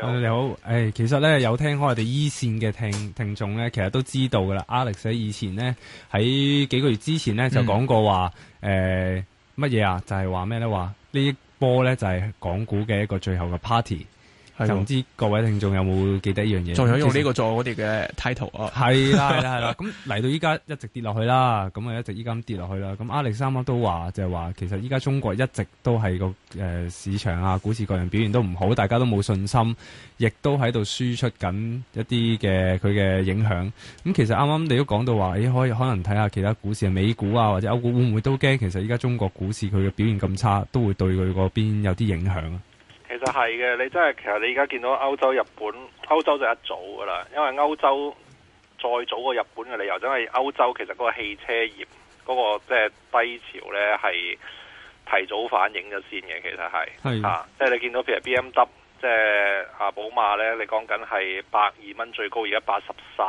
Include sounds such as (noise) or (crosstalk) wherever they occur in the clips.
啊、你好，誒好、哎，其實咧有聽開我哋 E 線嘅聽聽眾咧，其實都知道噶啦，Alex 咧以前咧喺幾個月之前咧就講過話，誒，乜嘢啊？就係話咩咧？話、嗯呃就是、呢一波咧就係、是、港股嘅一個最後嘅 party。就唔知各位聽眾有冇記得一樣嘢，仲有用呢個做我哋嘅 title 啊。係啦係啦係啦！咁嚟到依家一直跌落去啦，咁啊一直依家咁跌落去啦。咁阿力三都話就係話，其實依家中國一直都係個誒、呃、市場啊，股市各人表現都唔好，大家都冇信心，亦都喺度輸出緊一啲嘅佢嘅影響。咁其實啱啱你都講到話，咦、欸、可以可能睇下其他股市啊，美股啊或者歐股會唔會都驚？其實依家中國股市佢嘅表現咁差，都會對佢嗰邊有啲影響啊？其實係嘅，你真係其實你而家見到歐洲、日本、歐洲就一早噶啦，因為歐洲再早過日本嘅理由，真係歐洲其實嗰個汽車業嗰個即係低潮呢，係提早反映咗先嘅。其實係吓是、啊，即係你見到譬如 BMW，即係啊寶馬呢，你講緊係百二蚊最高，而家八十三，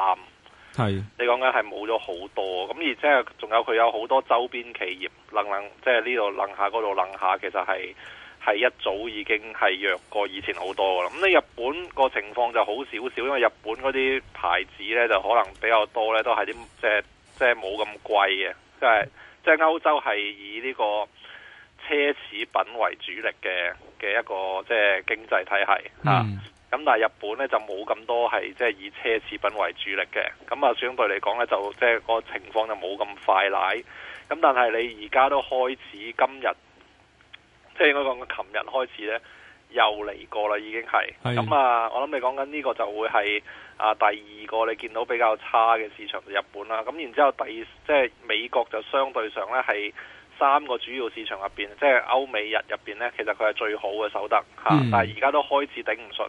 係是你講緊係冇咗好多。咁而即係仲有佢有好多周邊企業，愣愣即係呢度愣下，嗰度愣下，其實係。係一早已經係弱過以前好多噶啦，咁你日本個情況就好少少，因為日本嗰啲牌子呢，就可能比較多呢，都係啲即係即係冇咁貴嘅，即係即係、就係、歐洲係以呢個奢侈品為主力嘅嘅一個即係經濟體系嚇，咁、嗯、但係日本呢，就冇咁多係即係以奢侈品為主力嘅，咁啊相對嚟講呢，就即係個情況就冇咁快奶，咁但係你而家都開始今日。即係應該講，佢琴日開始咧又嚟過啦，已經係。咁是啊，我諗你講緊呢個就會係啊第二個你見到比較差嘅市場，就日本啦。咁、啊、然之後第即係、就是、美國就相對上咧係三個主要市場入邊，即係歐美日入邊咧，其實佢係最好嘅守得吓。啊嗯、但係而家都開始頂唔順。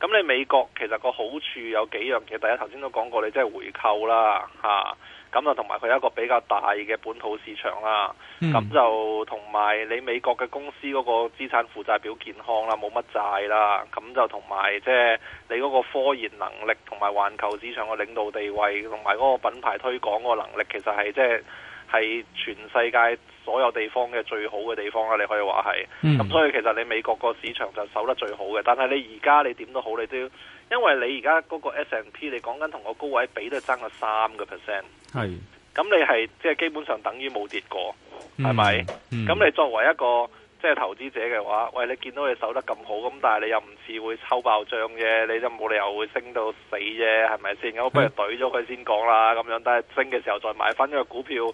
咁你美國其實個好處有幾樣嘢，第一頭先都講過，你即係回購啦吓。啊咁就同埋佢一個比較大嘅本土市場啦，咁就同埋你美國嘅公司嗰個資產負債表健康啦，冇乜債啦，咁就同埋即係你嗰個科研能力同埋環球市場嘅領導地位，同埋嗰個品牌推廣嗰個能力，其實係即係係全世界所有地方嘅最好嘅地方啦，你可以話係，咁、嗯、所以其實你美國個市場就守得最好嘅，但係你而家你點都好，你都要。因為你而家嗰個 S&P，你講緊同個高位比都係爭咗三個 percent，係咁你係即係基本上等於冇跌過，係咪？咁你作為一個即係投資者嘅話，喂，你見到佢守得咁好，咁但係你又唔似會抽爆漲啫，你就冇理由會升到死啫，係咪先？咁不如懟咗佢先講啦，咁樣，但係升嘅時候再買翻呢個股票，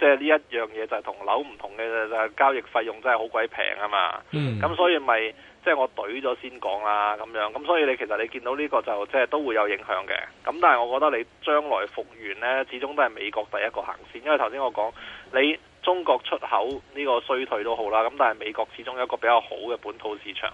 即係呢一樣嘢就係同樓唔同嘅，就係交易費用真係好鬼平啊嘛，咁所以咪。即係我懟咗先講啦，咁樣咁，所以你其實你見到呢個就即係都會有影響嘅。咁但係我覺得你將來復原呢，始終都係美國第一個行先，因為頭先我講你。中國出口呢個衰退都好啦，咁但係美國始終有一個比較好嘅本土市場，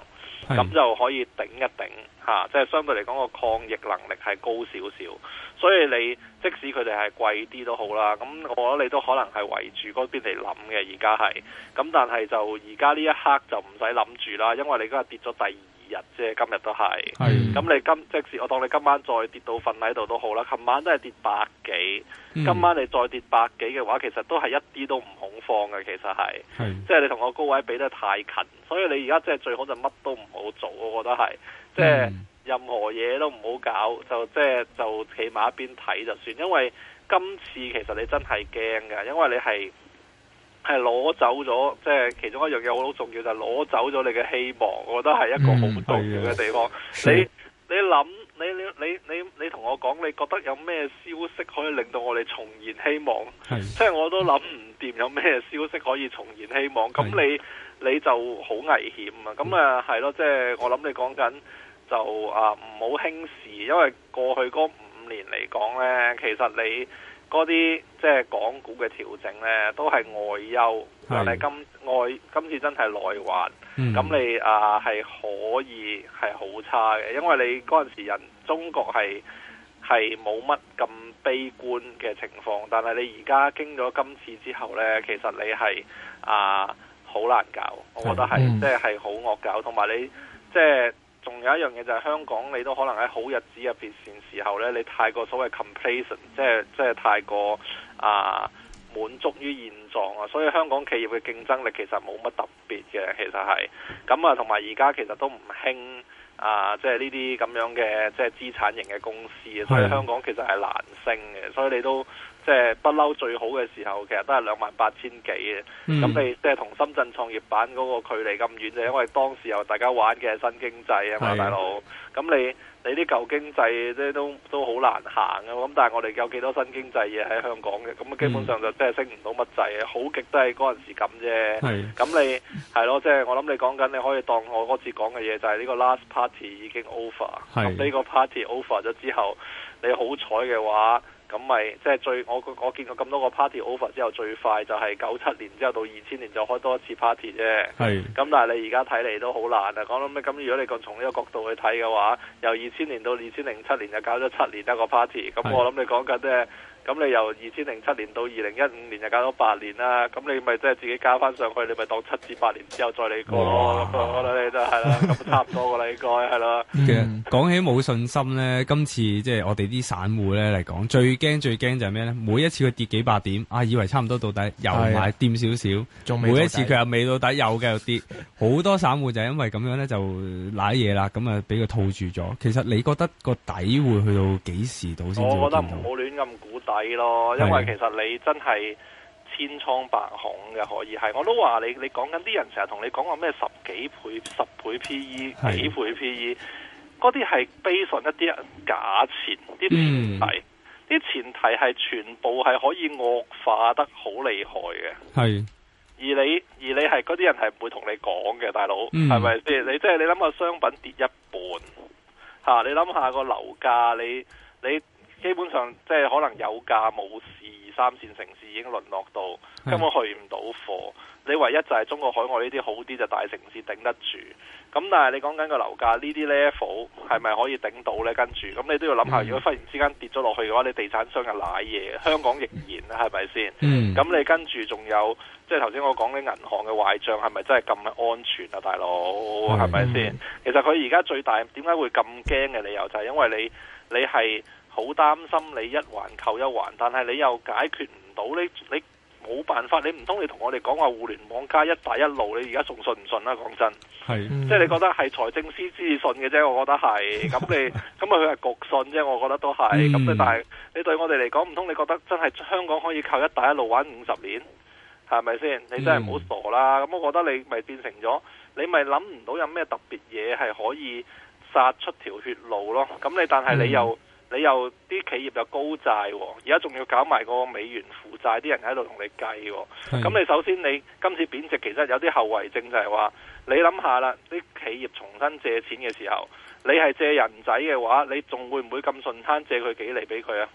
咁是就可以頂一頂嚇、啊，即係相對嚟講個抗疫能力係高少少，所以你即使佢哋係貴啲都好啦，咁我覺得你都可能係圍住嗰邊嚟諗嘅而家係。咁但係就而家呢一刻就唔使諗住啦，因為你而家跌咗第二。日啫，今日都係。係、嗯。咁你今即係，我當你今晚再跌到瞓喺度都好啦。琴晚都係跌百幾，嗯、今晚你再跌百幾嘅話，其實都係一啲都唔恐慌嘅。其實係，嗯、即係你同個高位比得太近，所以你而家即係最好就乜都唔好做，我覺得係，即係任何嘢都唔好搞，就即係就企埋一邊睇就算。因為今次其實你真係驚嘅，因為你係。係攞走咗，即係其中一樣嘢好重要，就係、是、攞走咗你嘅希望。我覺得係一個好重要嘅地方。嗯、你你諗，你你你你你同我講，你覺得有咩消息可以令到我哋重燃希望？的即係我都諗唔掂，有咩消息可以重燃希望？咁你的你就好危險啊！咁啊係咯，即係我諗你講緊就啊，唔好輕視，因為過去嗰五年嚟講呢，其實你。嗰啲即係港股嘅調整呢，都係外憂，但係是今外今次真係內患。咁、嗯、你啊係可以係好差嘅，因為你嗰陣時人中國係係冇乜咁悲觀嘅情況，但係你而家經咗今次之後呢，其實你係啊好難搞，我覺得係、嗯、即係好惡搞，同埋你即係。仲有一樣嘢就係香港，你都可能喺好日子入邊線時候呢，你太過所謂 complacent，即係即係太過啊滿足於現狀啊，所以香港企業嘅競爭力其實冇乜特別嘅，其實係咁啊，同埋而家其實都唔興。啊，即係呢啲咁樣嘅即係資產型嘅公司，嗯、所以香港其實係難升嘅，所以你都即係不嬲最好嘅時候，其實都係兩萬八千幾嘅。咁、嗯、你即係同深圳創業板嗰個距離咁遠，就因為當時又大家玩嘅係新經濟啊嘛，的大佬。咁你。你啲舊經濟即係都都好難行啊！咁但係我哋有幾多新經濟嘢喺香港嘅，咁啊、嗯、基本上就即係升唔到乜滯，好極都係嗰陣時咁啫。咁你係咯，即係、就是、我諗你講緊，你可以當我嗰次講嘅嘢就係呢個 last party 已經 over，咁呢個 party over 咗之後，你好彩嘅話。咁咪即係最我我見過咁多個 party over 之後，最快就係九七年之後到二千年就開多一次 party 啫。係是。咁但係你而家睇嚟都好難啊！講到咩咁？如果你從呢個角度去睇嘅話，由二千年到二千零七年就搞咗七年一個 party。咁我諗你講緊咧。咁你由二千零七年到二零一五年，就搞咗八年啦。咁你咪即係自己加翻上去，你咪當七至八年之後再嚟過咯。咁我覺得你就係啦，咁差唔多噶啦，應該係啦。其實講起冇信心咧，今次即係我哋啲散戶咧嚟講，最驚最驚就係咩咧？每一次佢跌幾百點，啊以為差唔多到底，又買掂少少，仲每一次佢又未到底，又繼續跌。好多散戶就因為咁樣咧，就瀨嘢啦，咁啊俾佢套住咗。其實你覺得個底會去到幾時到先會跌到？暗股底咯，因為其實你真係千瘡百孔嘅，可以係我都話你，你講緊啲人成日同你講個咩十幾倍、十倍 PE、幾倍 PE，嗰啲係悲 a 一啲假前啲前提，啲、嗯、前提係全部係可以惡化得好厲害嘅。係是，而你而你係嗰啲人係唔會同你講嘅，大佬係咪？你即係、就是、你諗下，商品跌一半，吓你諗下個樓價，你想想你。你基本上即係可能有價冇市，二三線城市已經淪落到根本去唔到貨。你唯一就係中國海外呢啲好啲就大城市頂得住。咁但係你講緊個樓價呢啲 level 係咪可以頂到咧？跟住咁你都要諗下，嗯、如果忽然之間跌咗落去嘅話，你地產商係瀨嘢，香港亦然啦，係咪先？咁、嗯、你跟住仲有即係頭先我講啲銀行嘅壞賬，係咪真係咁安全啊？大佬係咪先？其實佢而家最大點解會咁驚嘅理由就係因為你你係。你好擔心你一環扣一環，但係你又解決唔到呢？你冇辦法，你唔通你同我哋講話互聯網加一帶一路？你而家仲信唔信啦、啊？講真，嗯、即係你覺得係財政司支持信嘅啫，我覺得係。咁你咁啊，佢係 (laughs) 局信啫，我覺得都係。咁你、嗯，但係你對我哋嚟講，唔通你覺得真係香港可以靠一帶一路玩五十年係咪先？你真係唔好傻啦！咁、嗯、我覺得你咪變成咗，你咪諗唔到有咩特別嘢係可以殺出條血路咯。咁你但係你又～、嗯你又啲企業又高債、哦，而家仲要搞埋個美元負債、哦，啲人喺度同你計。咁你首先你今次貶值，其實有啲後遺症就係話，你諗下啦，啲企業重新借錢嘅時候，你係借人仔嘅話，你仲會唔會咁順攤借佢幾厘俾佢啊？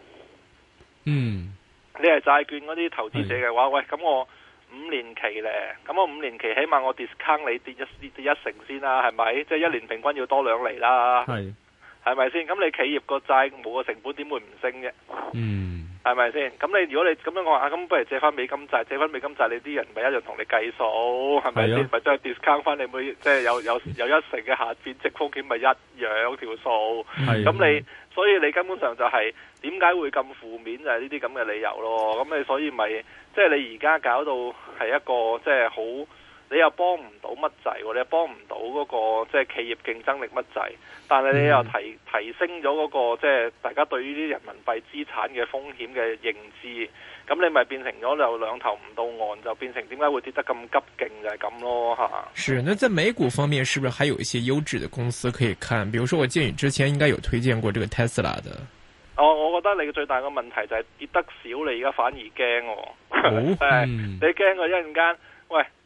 嗯，你係債券嗰啲投資者嘅話，是喂，咁我五年期呢，咁我五年期起碼我 discount 你跌一跌一,一成先啦、啊，係咪？即、就、係、是、一年平均要多兩厘啦。係。係咪先？咁你企業個債冇個成本，點會唔升啫？嗯，係咪先？咁你如果你咁樣講啊，咁不如借翻美金債，借翻美金債，你啲人咪一樣同你計數，係咪先？咪將、啊、discount 翻你每，即、就、係、是、有有有一成嘅下貶值風險，咪 (laughs) 一樣條數。咁、啊、你，所以你根本上就係點解會咁負面，就係呢啲咁嘅理由咯。咁你所以咪、就是，即、就、係、是、你而家搞到係一個即係好。就是你又幫唔到乜滯喎？你又幫唔到嗰個即係企業競爭力乜滯？但係你又提、嗯、提升咗嗰、那個即係大家對於啲人民幣資產嘅風險嘅認知，咁你咪變成咗就兩頭唔到岸，就變成點解會跌得咁急勁就係、是、咁咯嚇。是，那在美股方面，是不是還有一些優質嘅公司可以看？比如說我見你之前應該有推薦過這個 Tesla 的。哦，我覺得你嘅最大嘅問題就係跌得少，你而家反而驚喎、哦。好、哦。嗯、 (laughs) 你驚佢一陣間。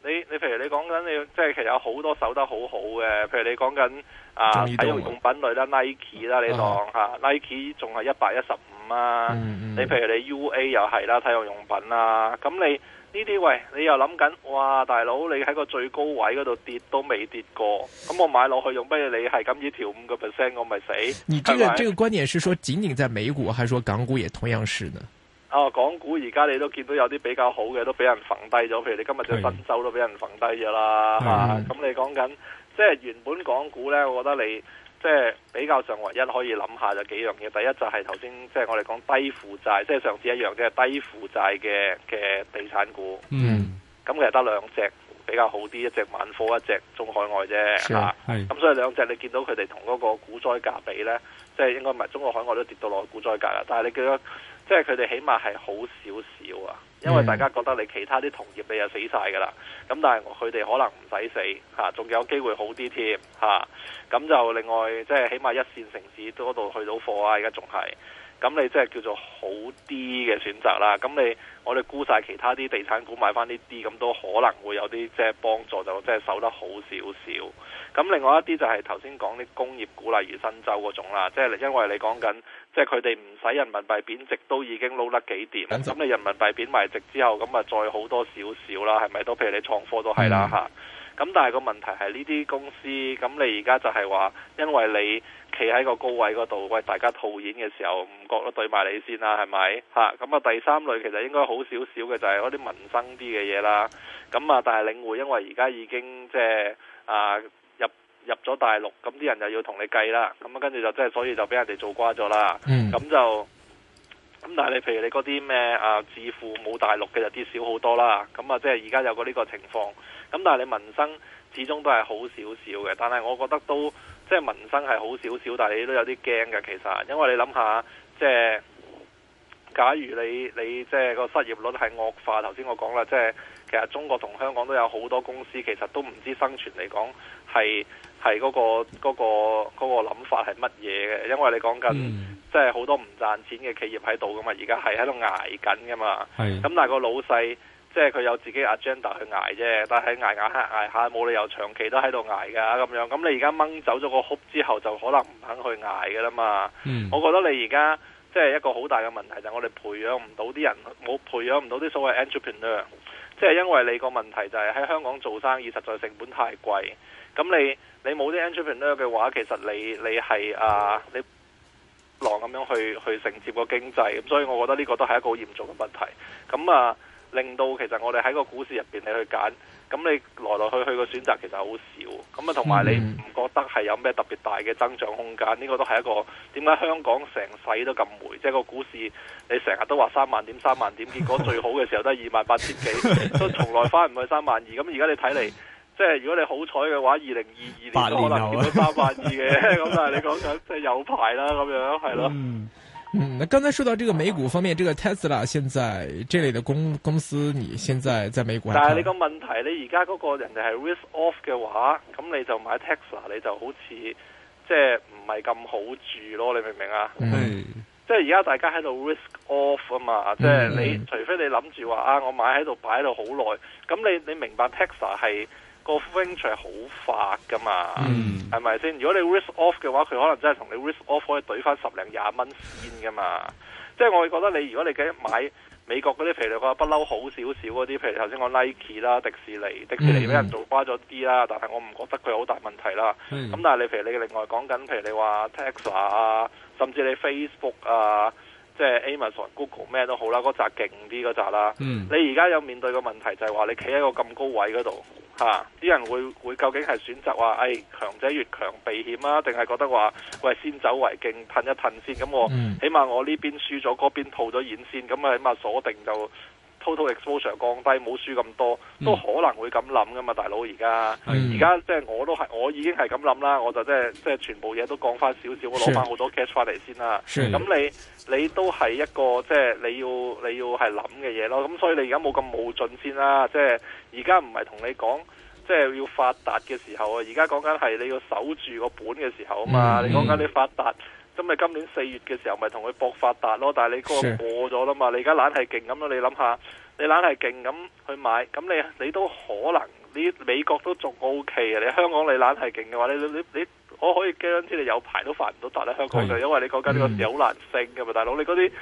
你你譬如你講緊你即係其實有好多守得好好嘅，譬如你講緊啊體育用品類啦 Nike 啦，你當吓 Nike 仲係一百一十五啊，你譬如你 UA 又係啦體育用品啦、啊。咁你呢啲喂，你又諗緊哇，大佬，你喺個最高位嗰度跌都未跌過，咁、嗯、我買落去用不如你係咁只跳五個 percent 我咪死。你這個是嗎？這個觀點是說僅僅在美股，還是說港股也同樣是呢？啊、哦，港股而家你都見到有啲比較好嘅都俾人揈低咗，譬如你今日隻新州都俾人揈低咗啦，係嘛，咁你講緊即係原本港股咧，我覺得你即係比較上唯一可以諗下就幾樣嘢，第一就係頭先即係我哋講低負債，即係上次一樣即係低負債嘅嘅地產股，嗯，咁其實得兩隻。嗯比較好啲，一隻萬科，一隻中海外啫嚇，咁、啊、所以兩隻你見到佢哋同嗰個股災價比呢，即、就、係、是、應該唔係中國海外都跌到落去股災價啦，但係你見到，即係佢哋起碼係好少少啊，因為大家覺得你其他啲同業你又死晒㗎啦，咁、啊、但係佢哋可能唔使死嚇，仲、啊、有機會好啲添嚇，咁、啊、就另外即係、就是、起碼一線城市都度去到貨啊，而家仲係。咁你即係叫做好啲嘅選擇啦。咁你我哋沽晒其他啲地產股買翻呢啲，咁都可能會有啲即係幫助，就即係守得好少少。咁另外一啲就係頭先講啲工業股，例如新洲嗰種啦，即係因為你講緊，即係佢哋唔使人民幣貶值都已經撈得幾掂。咁你人民幣貶埋值之後，咁啊再好多少少啦，係咪都譬如你創科都係啦嚇。咁但係個問題係呢啲公司，咁你而家就係話，因為你企喺個高位嗰度，喂，大家套現嘅時候，唔覺得對埋你先啦，係咪？吓、啊，咁啊第三類其實應該好少少嘅，就係嗰啲民生啲嘅嘢啦。咁啊，但係領匯因為而家已經即係啊入入咗大陸，咁啲人又要同你計啦，咁啊跟住就即係所以就俾人哋做瓜咗啦。嗯，咁、嗯、就。咁但係你譬如你嗰啲咩啊致富冇大陸嘅就跌少好多啦，咁啊即係而家有個呢個情況。咁、嗯、但係你民生始終都係好少少嘅，但係我覺得都即係民生係好少少，但係你都有啲驚嘅其實，因為你諗下即係假如你你，你即係、個失業率係惡化，頭先我講啦，即係其實中國同香港都有好多公司，其實都唔知生存嚟講係係嗰個嗰個嗰個諗法係乜嘢嘅，因為你講緊。嗯即係好多唔賺錢嘅企業喺度㗎嘛，而家係喺度捱緊㗎嘛。咁 (noise) 但係個老細，即係佢有自己 agenda 去捱啫。但係捱下捱下，冇理由長期都喺度捱㗎咁樣。咁你而家掹走咗個窟之後，就可能唔肯去捱㗎啦嘛。 (noise) 我覺得你而家即係一個好大嘅問題，就係、是、我哋培養唔到啲人，冇培養唔到啲所謂 entrepreneur。即係因為你個問題就係喺香港做生意，實在成本太貴。咁你你冇啲 entrepreneur 嘅話，其實你你係啊你。你浪咁樣去去承接個經濟，咁所以我覺得呢個都係一個好嚴重嘅問題。咁啊，令到其實我哋喺個股市入邊你去揀，咁你來來去去個選擇其實好少。咁啊，同埋你唔覺得係有咩特別大嘅增長空間？呢個都係一個點解香港成世都咁霉。即係個股市你成日都話三萬點三萬點，結果最好嘅時候都係二萬八千幾，都 (laughs) 從來翻唔去三萬二。咁而家你睇嚟。即係如果你好彩嘅話，二零二二年都可能見到三百二嘅，咁， (laughs) (laughs) 但係你講緊即係有排啦咁樣，係咯、嗯。嗯，你剛才說到這個美股方面，這個 Tesla 現在這類的公公司，你現在在美股？但係你個問題，你而家嗰個人哋係 risk off 嘅話，咁你就買 Tesla，你就好似即係唔係咁好住咯，你明唔明啊？嗯，即係而家大家喺度 risk off 啊嘛，即係、嗯嗯、你除非你諗住話啊，我買喺度擺喺度好耐，咁你你明白 Tesla 係？個 w i n g e 係好快噶嘛，係咪先？如果你 risk off 嘅話，佢可能真係同你 risk off 可以懟翻十零廿蚊先噶嘛。即係我會覺得你如果你嘅買美國嗰啲譬料，你話不嬲好少少嗰啲，譬如頭先講 Nike 啦、迪士尼、迪士尼俾人做瓜咗啲啦，嗯、但係我唔覺得佢好大問題啦。咁、嗯嗯、但係你譬如你另外講緊譬如你話 Tesla 啊，甚至你 Facebook 啊。即係 Amazon、Google 咩都好啦，嗰扎勁啲嗰扎啦。嗯、你而家有面對個問題就係、是、話，你企喺個咁高位嗰度吓，啲人會會究竟係選擇話，誒、哎、強者越強避險啊，定係覺得話，喂，先走為敬，噴一噴先。咁我、嗯、起碼我呢邊輸咗，嗰邊套咗現先，咁啊起碼鎖定就。Total exposure，降低冇輸咁多，都可能會咁諗噶嘛，大佬而家，而家即係我都係，我已經係咁諗啦，我就即係即係全部嘢都降翻少少，我攞翻好多 cash 翻嚟先啦。咁是你你都係一個即係、就是、你要你要係諗嘅嘢咯，咁所以你而家冇咁冒進先啦，即係而家唔係同你講即係要發達嘅時候啊，而家講緊係你要守住個本嘅時候啊嘛，嗯、你講緊你發達。咁咪今年四月嘅時候，咪同佢搏發達咯。但係你嗰個過咗啦嘛，是的 你而家懶係勁咁咯。你諗下，你懶係勁咁去買，咁你你都可能，你美國都仲 O K 嘅。你香港你懶係勁嘅話，你你你，我可以 guarantee 你有排都發唔到達咧，香港就因為你國家呢個市好難升嘅嘛，大佬你嗰啲。嗯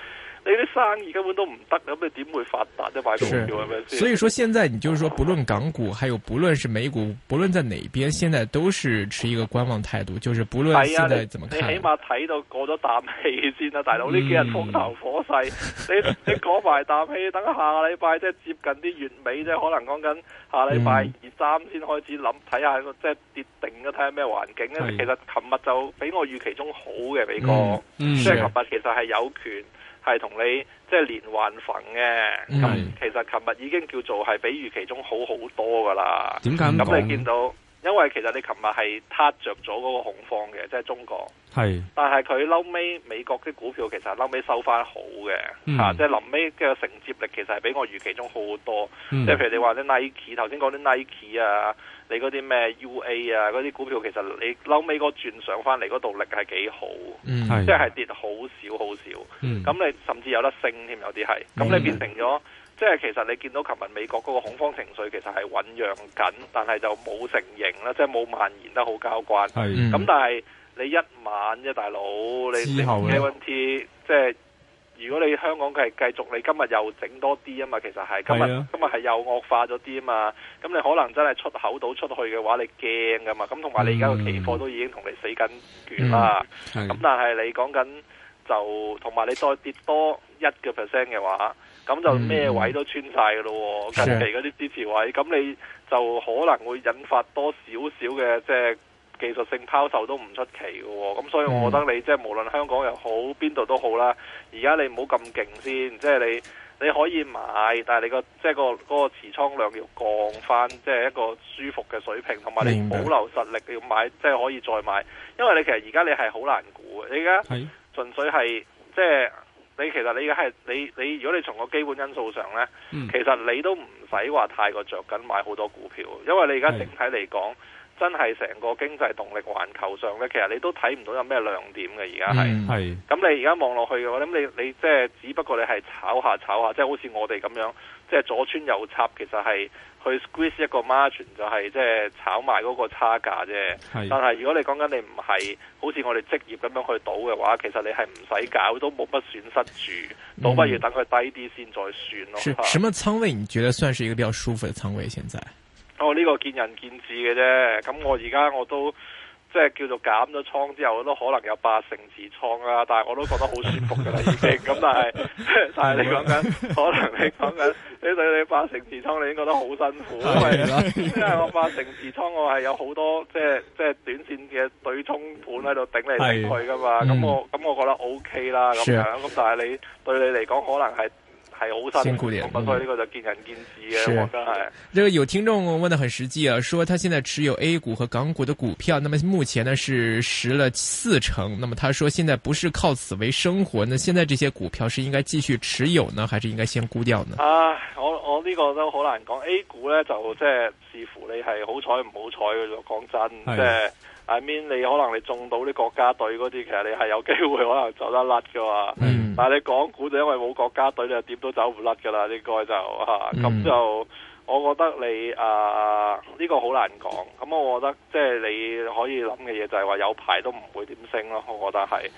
你啲生意根本都唔得，咁你點會發達啫？買股票係咪先？所以說，現在你就是說，不論港股，還有不論是美股，不論在哪邊，現在都是持一個觀望態度。就是不論現在怎麼看，啊、你，你起碼睇到過咗啖氣先啦、啊，大佬。呢、嗯、幾日風頭火勢，你你講埋啖氣，等下個禮拜即係接近啲月尾啫，即可能講緊下禮拜二三先開始諗睇下個即係跌定咗睇下咩環境咧。是其實琴日就比我預期中好嘅，美國。即係琴日其實係有權。係同你即係連環份嘅，咁、嗯、其實琴日已經叫做係比預期中好好多噶啦。點解咁你見到。因為其實你琴日係撻着咗嗰個恐慌嘅，即係中國。係是，但係佢嬲尾美國啲股票其實嬲尾收翻好嘅，吓、嗯啊，即係臨尾嘅承接力其實係比我預期中好好多。即係、嗯、譬如你話啲 Nike，頭先講啲 Nike 啊，你嗰啲咩 UA 啊，嗰啲股票其實你嬲尾嗰個轉上翻嚟嗰度力係幾好，嗯、即係跌好少好少。咁、嗯、你甚至有得升添，有啲係。咁你變成咗。嗯即係其實你見到琴日美國嗰個恐慌情緒其實係醖釀緊，但係就冇成形啦，即係冇蔓延得好交關。咁是、嗯、但係你一晚啫，大佬，你你 N V T，即係如果你香港佢係繼續，你今日又整多啲啊嘛，其實係今日、啊、今日係又惡化咗啲啊嘛，咁你可能真係出口到出去嘅話，你驚㗎嘛，咁同埋你而家個期貨都已經同你死緊卷啦，咁但係你講緊就同埋你再跌多一個 percent 嘅話。咁、嗯、就咩位都穿晒噶咯，的近期嗰啲支持位，咁你就可能會引發多少少嘅即係技術性拋售都唔出奇噶喎。咁所以我覺得你、哦、即係無論香港又好，邊度都好啦。而家你唔好咁勁先，即係你你可以買，但係你個即、嗰個即係、嗰個嗰個持倉量要降翻，即係一個舒服嘅水平，同埋你保留實力要買，即係可以再買。因為你其實而家你係好難估嘅，你而家純粹係即係。你其實你而家係你你，你如果你從個基本因素上咧，嗯、其實你都唔使話太過着緊買好多股票，因為你而家整體嚟講。真係成個經濟動力環球上咧，其實你都睇唔到有咩亮點嘅。而家係，咁、嗯、你而家望落去嘅話，咁你你即係只不過你係炒下炒下，即係好似我哋咁樣，即係左穿右插，其實係去 squeeze 一個 margin 就係即係炒埋嗰個差價啫。是但係如果你講緊你唔係好似我哋職業咁樣去賭嘅話，其實你係唔使搞都冇乜損失住，倒不如等佢低啲先再算咯、嗯。什麼倉位？你覺得算是一個比較舒服嘅倉位？現在？哦，呢、這個見仁見智嘅啫，咁我而家我都即係、就是、叫做減咗倉之後，我都可能有八成持倉啦，但係我都覺得好舒服嘅啦已經。咁但係，但係你講緊，可能你講緊，你對你八成持倉，你已經覺得好辛苦，因為，因為我八成持倉，我係有好多即係即係短線嘅對沖盤喺度頂嚟頂去噶嘛。咁 (laughs) 我咁、嗯、我，我覺得 O K 啦咁樣。咁、就是、Sure. 但係你對你嚟講，可能係。係好辛苦啲，不過呢個就見仁見智嘅。是我覺得係。這個有聽眾問得很實際啊，說他現在持有 A 股和港股的股票，那麼目前呢是蝕了四成，那麼他說現在不是靠此為生活，那現在這些股票是應該繼續持有呢，還是應該先沽掉呢？啊，我我呢個都好難講，A 股呢，就即係視乎你係好彩唔好彩嘅，講真，即係的。就是大面 I mean，你可能你中到啲國家隊嗰啲，其實你係有機會可能走得甩㗎嘛。嗯、但係你港股就因為冇國家隊，你就點都走唔甩㗎啦。應該就嚇，咁、啊嗯、就我覺得你啊呢、呃呢個好難講。咁我覺得即係你可以諗嘅嘢就係話有排都唔會點升咯。我覺得係。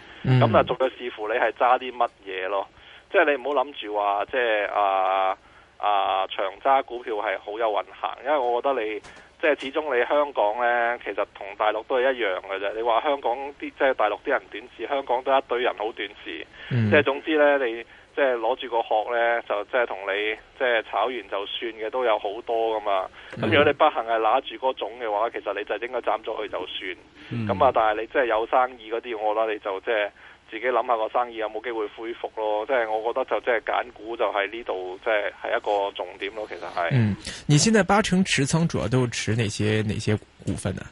咁啊，仲要、嗯嗯、視乎你係揸啲乜嘢咯。即係你唔好諗住話即係啊啊長揸股票係好有運行，因為我覺得你。即係始終你香港呢，其實同大陸都係一樣嘅啫。你話香港啲即係大陸啲人短視，香港都一堆人好短視。嗯、即係總之呢，你即係攞住個殼呢，就即係同你即係炒完就算嘅都有好多㗎嘛。咁、嗯、如果你不幸係攞住嗰種嘅話，其實你就應該斬咗佢就算。咁啊、嗯，但係你即係有生意嗰啲，我覺得你就即係。自己諗下個生意有冇機會恢復咯，即係我覺得就即係揀股就係呢度，即係係一個重點咯。其實係。嗯，嗯，你現在八成持倉主要都持哪些哪些股份呢，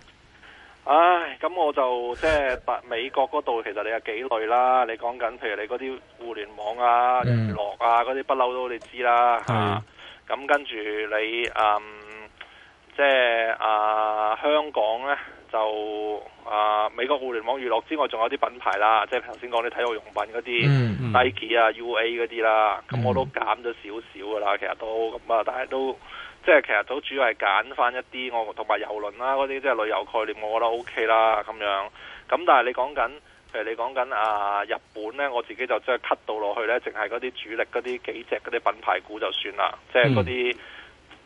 啊？唉、啊，咁我就即係美國嗰度，其實你有幾類啦。你講緊，譬如你嗰啲互聯網啊、娛樂啊嗰啲，不嬲都你知啦。吓，咁跟住你嗯，即係啊香港呢。就啊、呃，美國互聯網娛樂之外，仲有啲品牌啦，即係頭先講啲體育用品嗰啲、嗯嗯、Nike 啊、UA 嗰啲啦，咁、嗯、我都減咗少少噶啦，其實都咁啊，但係都即係其實都主要係揀返一啲，我同埋郵輪啦嗰啲，即係旅遊概念，我覺得 O、OK、K 啦，咁樣。咁但係你講緊，譬如你講緊啊、呃、日本呢，我自己就即係 cut 到落去呢，淨係嗰啲主力嗰啲幾隻嗰啲品牌股就算啦，即係嗰啲。嗯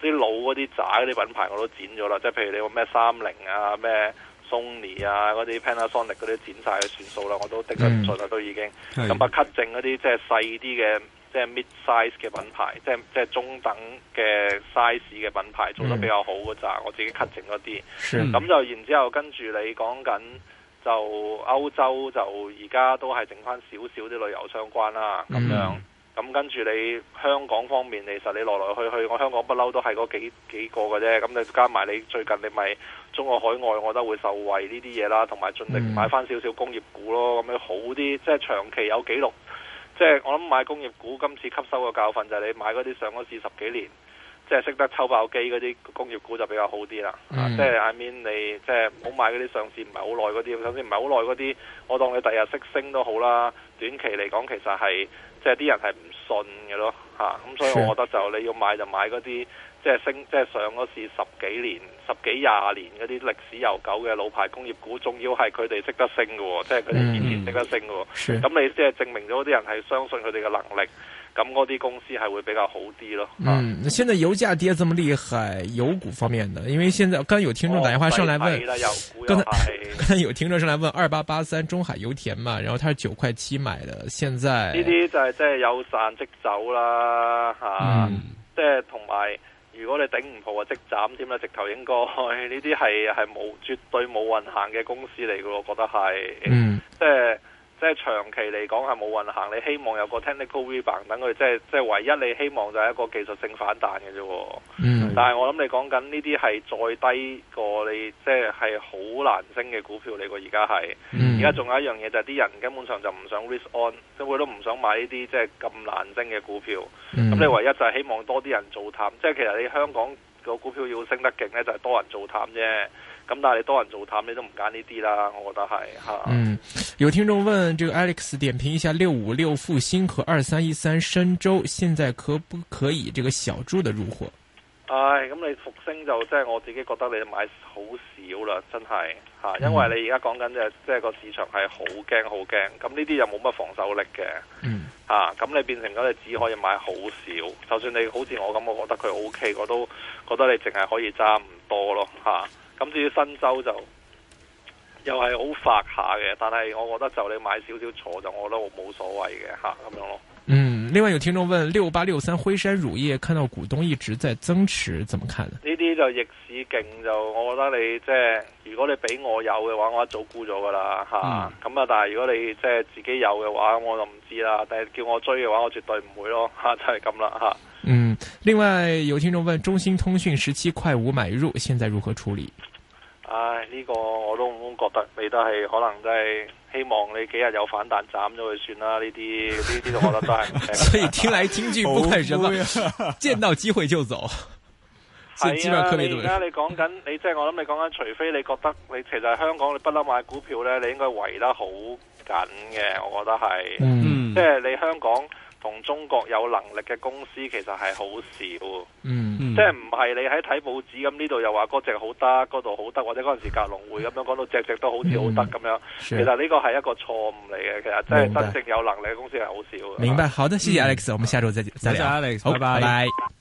啲老嗰啲渣嗰啲品牌我都剪咗啦，即係譬如你話咩三菱啊、咩 Sony 啊、嗰啲 Panasonic 嗰啲剪晒算數啦，我都頂唔順啦都已經咁啊，cut 剩嗰啲即係細啲嘅，即係 mid size 嘅品牌，即係即係中等嘅 size 嘅品牌做得比較好嘅咋，嗯、我自己 cut 剩嗰啲。咁是就然之後跟住你講緊就歐洲就而家都係整翻少少啲旅遊相關啦，咁、嗯、樣。咁跟住你香港方面，其實你來來去去，我香港不嬲都係嗰幾幾個嘅啫。咁你加埋你最近你咪中國海外，我覺得會受惠呢啲嘢啦，同埋盡力買翻少少工業股咯，咁樣好啲。即係長期有記錄。即係我諗買工業股，今次吸收嘅教訓就係你買嗰啲上咗市十幾年。即係識得抽爆機嗰啲工業股就比較好啲啦、嗯啊，即係 I 面 mean, 你即係唔好買嗰啲上市唔係好耐嗰啲，甚至唔係好耐嗰啲，我當你第日識升都好啦。短期嚟講，其實係即係啲人係唔信嘅咯，嚇、啊、咁、嗯、所以我覺得就是、你要買就買嗰啲即係升即係上嗰市十幾年、十幾廿年嗰啲歷史悠久嘅老牌工業股，仲要係佢哋識得升嘅，即係佢哋以前識得升嘅，咁你即係證明咗啲人係相信佢哋嘅能力。咁嗰啲公司係會比較好啲咯。嗯，現在油價跌咁麼厲害，嗯、油股方面的，因為現在剛有聽眾打電話上來問，哦、剛才，剛才，剛才有聽眾上來問二八八三中海油田嘛，然後佢係九塊七買的，現在呢啲就係即係有散即走啦，吓、嗯，即係同埋如果你頂唔住啊，即斬添啦，直頭應該呢啲係係冇絕對冇運行嘅公司嚟噶，我覺得係，嗯，即係。即係長期嚟講係冇運行，你希望有個 technical rebound，等佢即係即係唯一你希望就係一個技術性反彈嘅啫。嗯，但係我諗你講緊呢啲係再低過你，即係係好難升嘅股票嚟㗎。而家係，而家仲有一樣嘢就係、是、啲人根本上就唔想 risk on，根本都唔想買呢啲即係咁難升嘅股票。咁、嗯、你唯一就係希望多啲人做淡，即係其實你香港個股票要升得勁呢，就係、是、多人做淡啫。咁但係你多人做探，你都唔揀呢啲啦。我覺得係吓。啊、嗯，有聽眾問，這個 Alex 點評一下六五六復星和二三一三申洲，現在可不可以這個小注的入貨？唉、哎，咁你復星就即係、就是、我自己覺得你買好少啦，真係吓、啊，因為你而家講緊嘅即係個市場係好驚好驚，咁呢啲又冇乜防守力嘅，嗯吓，咁、啊、你變成咗你只可以買好少，就算你好似我咁，我覺得佢 O K，我都覺得你淨係可以揸唔多咯吓。啊咁至於新州就又係好發下嘅，但係我覺得就你買少少坐就，我覺得冇所謂嘅吓咁樣咯。嗯，另外有聽眾問六八六三輝山乳業，看到股東一直在增持，怎麼看呢？呢啲，啊、就逆市勁就，我覺得你即係、就是、如果你俾我有嘅話，我一早沽咗噶啦吓。咁啊、啊但係如果你即係、就是、自己有嘅話，我就唔知啦。但係叫我追嘅話，我絕對唔會咯吓，啊，就係咁啦吓。啊嗯，另外有聽眾問：中興通訊十七塊五買入，現在如何處理？唉、哎，呢、這個我都唔覺得，你都係可能真係希望你幾日有反彈斬咗佢算啦。呢啲呢啲，我覺得都係。 (laughs) 所以聽來聽去不看熱鬧，好見到機會就走。係啊， (laughs) 而家你講緊，你即係我諗你講緊，除非你覺得你其實香港你不嬲買股票咧，你應該圍得好緊嘅。我覺得係，即係、嗯、你香港。同中國有能力嘅公司其實係好少。嗯，是是，嗯，即係唔係你喺睇報紙咁，呢度又話嗰隻好得，嗰度好得，或者嗰陣時格隆會咁樣講到隻隻都好似好得咁樣，嗯、其實呢個係一個錯誤嚟嘅，其實真係真正有能力嘅公司係好少。明白，啊、好的，謝謝 Alex，嗯、我們下週再見。多謝 Alex，拜拜。好